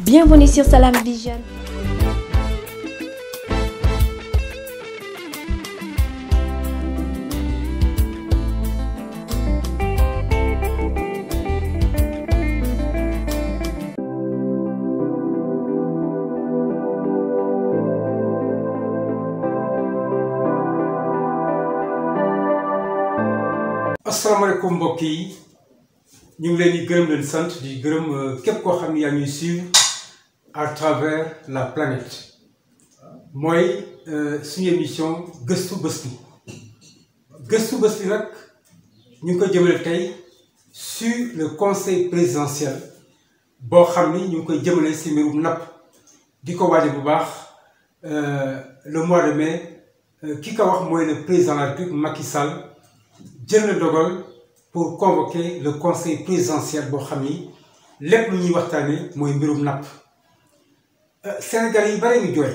Bienvenue sur Salam Vision. asalaamaaleykum mbokk ñu ngi leen di gërëm leen sant gërëm euh, képp koo xam ne à travers la planète mooy euh, suñu émission gëstu bés gëstu bés bi nag ñu ngi ko jëmale tey su le conseil présidentiel boo xam ni ñu ngi koy jëmalee si mbirum napp di ko waaje bu baax euh, le mois de mai euh, ki ko wax mooy le président de la République Macky Sall jël na dogal pour convoquer le conseil présidentiel boo xam ni lépp lu ñuy waxtaane mooy mbirum napp Sénégal yi bare mi jooy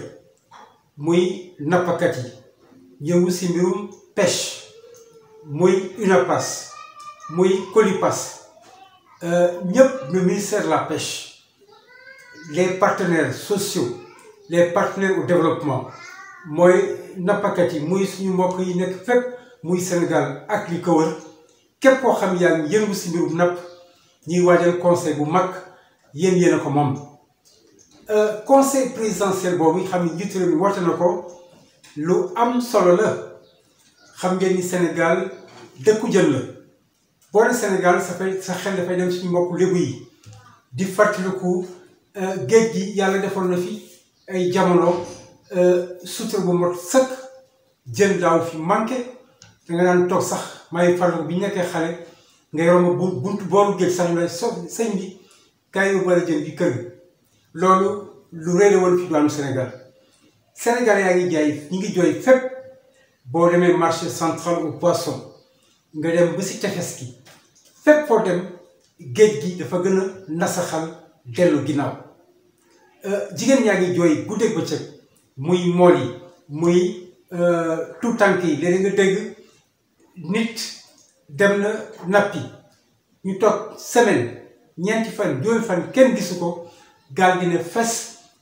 muy nappkat yi ñëw si mbirum pêche muy UNAPAS muy COLIPAS euh, ñëpp le ministère de la pêche les partenaires sociaux les partenaires au développement mooy nappkat yi muy suñu mbokk yi nekk fépp muy Sénégal ak li ko wër képp koo xam yaa ngi yëngu si mbirum napp ñuy waajal conseil bu mag yéen yéen a ko moom Euh, conseil présidentiel boobu xam ne njiitu réew mi woote na ko lu am solo la xam ngeen ni Sénégal dëkku jël la boo ne Sénégal sa fay sa xel dafay dem suñu mbokk lébu yi di fàttaliku euh, géej gi yàlla defoon na fi ay jamono euh, sutura bu mot sëkk jën daaw fi manqué da nga daan toog sax may fàttaliku bi ñu nekkee xale ngay romb buntu booru géej sax ñu lay sëñ bi kaay yóbbaale jën di kër loolu lu réeré woon fi diwaanu Sénégal Sénégal yaa ngi jaay ñi ngi jooy fépp boo demee marché central au poisson nga dem ba si tefes gi fépp foo dem géej gi dafa gën a nasaxal dellu ginnaaw euh, jigéen yaa ngi jooy guddeeg bëccëg muy mool yi muy euh, tout tànk yi léeg nga dégg nit dem na nappi ñu toog semaine ñeenti fan juróomi fan kenn gisu ko gaal gi ne fes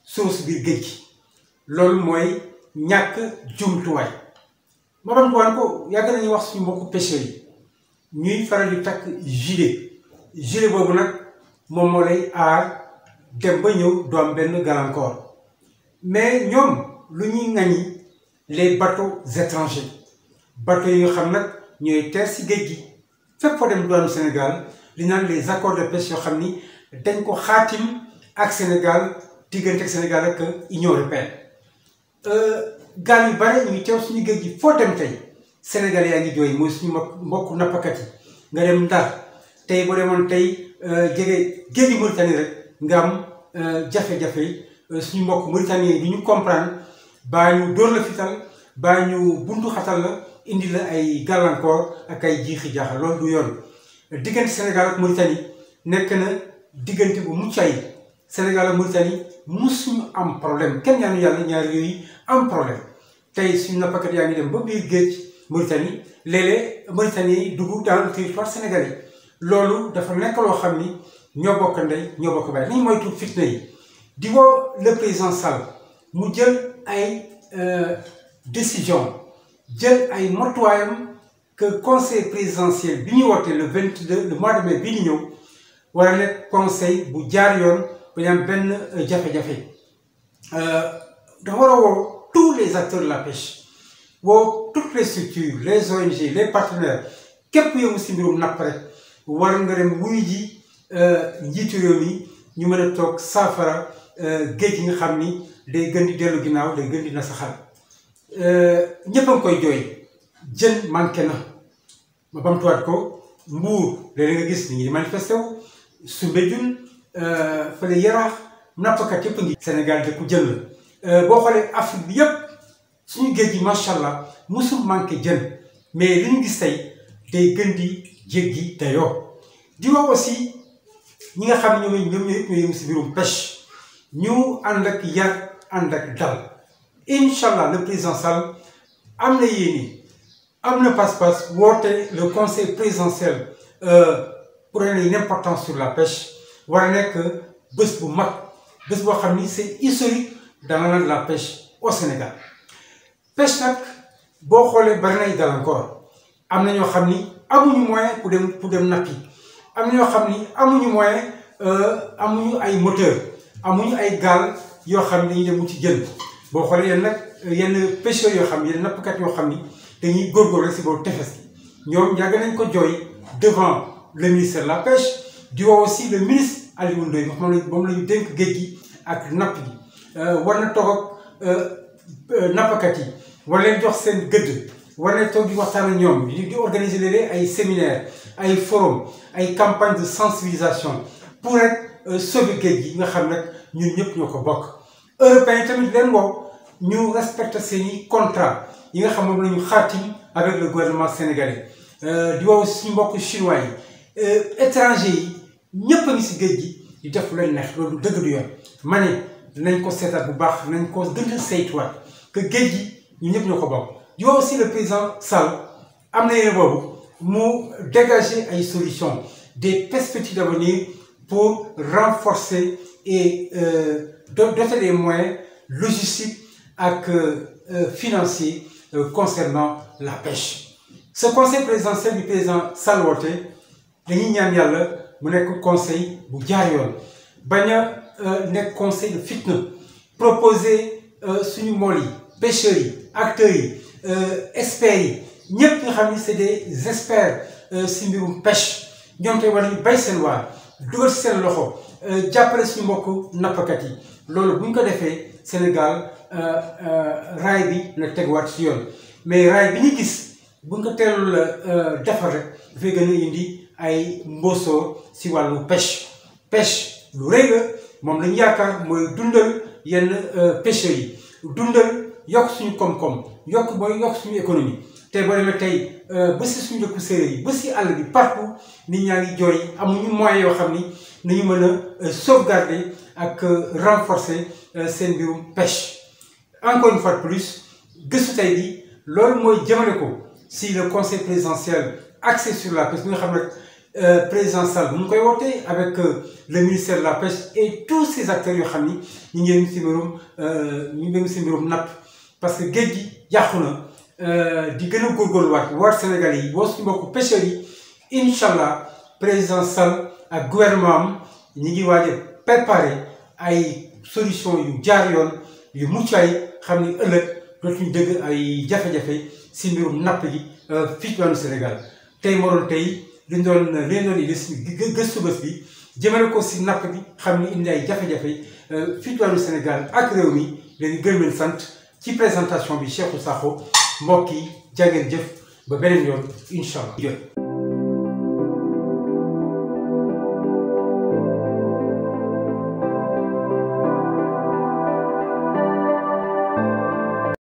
suuf biir géej gi loolu mooy ñàkk jumtuwaay moo doon ko wan ko yàgg nañu wax suñu mbokku pêcheurs yi ñuy faral di takk gilet gilet boobu nag moom moo lay aar dem ba ñëw doom benn gàllankoor mais ñoom lu ñuy ŋañi les bateaux étrangers bateaux yi nga xam nag ñooy teer si géej gi fépp foo dem douane Sénégal li naan les accords de pêche yoo xam ni dañ ko xaatim ak Sénégal diggante ak Sénégal ak Union européenne euh, gaal yu bare ñu teew suñu géej gi foo dem tey Sénégal yaa ngi jooy mooy suñu mbokk nappakat yi nga dem Ndar tey boo demoon tey euh, jege géej gi Mauritanie rek nga am euh, jafe-jafe suñu mbokk Mauritanie yi ñu comprendre baa ñu dóor la fital baa ñu buntu xatal la indi la ay gàllankoor ak ay jiixi jaaxal loolu du yoon diggante Sénégal ak Mauritanie nekk na diggante bu mucc Sénégal ak mu musuñu am problème kenn ñaanu yàlla ñaar yooyu am problème tey suñu nappkat yaa ngi dem ba biir géej Mauritanie léeg-léeg Mauritanie yi dugg dans le territoire loolu dafa nekk loo xam ni ñoo bokk ndey ñoo bokk baay nañ moytu fitna yi di woo président Sall mu jël ay euh, décision jël ay matuwaayam que conseil présidentiel bi ñuy woote le vingt-deux le mois bi mai bii di ñëw war a nekk conseil bu jaar yoon bañ am benn euh, jafe-jafe euh, dafa war a woo tous les acteurs de la pêche woo toutes les structures les ONG les partenaires képp yëngu si mbirum napp rek war nga dem wuy ji euh, njiitu réew mi ñu mën toog saafara géej gi nga xam ni day gën di dellu ginnaaw day gën di nasaxal ñëpp a koy jooy jën manqué na ma bamtuwaat ko mbuur léeg-léeg nga gis ni ngi di manifesté wu Soumbédioune Euh, fële yaraax nappkat yëpp ngi Sénégal dëkku jël la euh, boo xoolee Afrique bi yëpp suñu géej gi macha allah musul manqué jën mais li ñu gis tey gën di jéggi dayoo di aussi ñi nga xam ñoom ñoom ñooy ñooy yëngu si biirum pêche ñu ànd ak yar ànd ak dal incha allah le président Sall am na yéene am na passe-passe woote le conseil présidentiel euh, pour une importance sur la pêche war a nekk bés bu mag bés boo xam ni c'est historique lan la pêche au Sénégal pêche nag boo xoolee bari nay gàllankoor am na ñoo xam ni amuñu moyen pour dem pour dem nappi am na ñoo xam ni amuñu moyen euh, amuñu ay moteur amuñu ay gaal yoo xam ne dañuy dem ci jën boo xoolee yenn nag yenn peche yoo xam yenn nappkat yoo xam ni dañuy góorgóorlu rek si boobu tefes gi ñoom yàgg nañ ko jooy devant le ministère la pêche di woo aussi le ministre Aliou Ndoye moom lañ la dénk géej gi ak napp gi euh, war na toog euh, euh, nappkat yi war leen jox seen gëdd war na toog di waxtaan ak ñoom di organiser léeg-léeg ay séminaire ay forum ay campagne de sensibilisation pour rek sauver géej gi nga xam nag ñu ñëpp ñoo ko bokk. européens tamit leen woo ñu respecte seeni contrat yi nga xam moom la ñu xaatim avec le gouvernement sénégalais di woo suñu mbokk chinois yi étrangers yi. ñëpp a si géej gi di def lu neex loolu dëgg du yoon ma ne nañ ko seetaat bu baax nañ ko gën a saytuwaat que géej gi ñu ñëpp ñoo ko bokk. yow aussi le président Sall am na yéen boobu mu dégager ay solutions des perspectives d'avenir pour renforcer et euh, doter des moyens logistiques ak euh, euh, financiers euh, concernant la pêche. ce conseil présidentiel du président Sall woote dañuy ñaan yàlla. mu nekk conseil bu jaar yoon bañ a euh, nekk conseil de fitna proposer euh, suñu mool yi pêcheurs yi acteurs yi euh, experts yi ñëpp nga xam ni c'est des experts si mbirum pêche ñoom tey war nañu bay seen waar dugal si seen loxo jàppale suñu mbokk nappkat yi loolu bu ñu ko defee Sénégal raay bi na teguwaat si yoon mais raay bi ñu gis bu ñu ko teelul defar rek dafay gën a indi. ay mbosóor si wàllu pêche pêche lu rëy moom lañu yaakaar mooy dundal yenn euh, pêcheurs yi dundal yokk suñu koom-koom yokk mooy yokk suñu économie te boo demee tey euh, ba si suñu dëkku séeréer yi ba si àll bi partout nit ñaa ngi jooy ñu moyens yoo xam ni nañu mën a euh, sauvegarder ak renforcer seen mbirum pêche encore une fois de plus gëstu tey bi loolu mooy jëmale ko si le conseil présidentiel axé sur la pêche bi nga xam ne Euh, président Sall bu mu koy wootee avec euh, le ministère la pêche et tous ces acteurs yoo xam ni ñu ngeen yëngu si mbirum euh, ñu ngi yëngu si mbirum napp parce que géej gi yàqu na di gën a góorgóorluwaat war Sénégal yi woo suñu mbokku pêcheurs yi incha allah président Sall ak gouvernement am ñi ngi waaj a préparer ay solution yu jaar yoon yu mucc ay xam ni ëllëg dootuñu dégg ay jafe-jafe si mbirum napp yi fii ci wàllu Sénégal tey moo tey. dañ doon rénové suñu gëstu bés bi jëmale ko si napp bi xam ni indi ay jafe-jafe euh, fii ci wàllu Sénégal ak réew mi dañu gërëm leen sant ci présentation bi Cheikhou Sakho mbokk yi jaa ngeen jëf ba beneen yoon incha allah.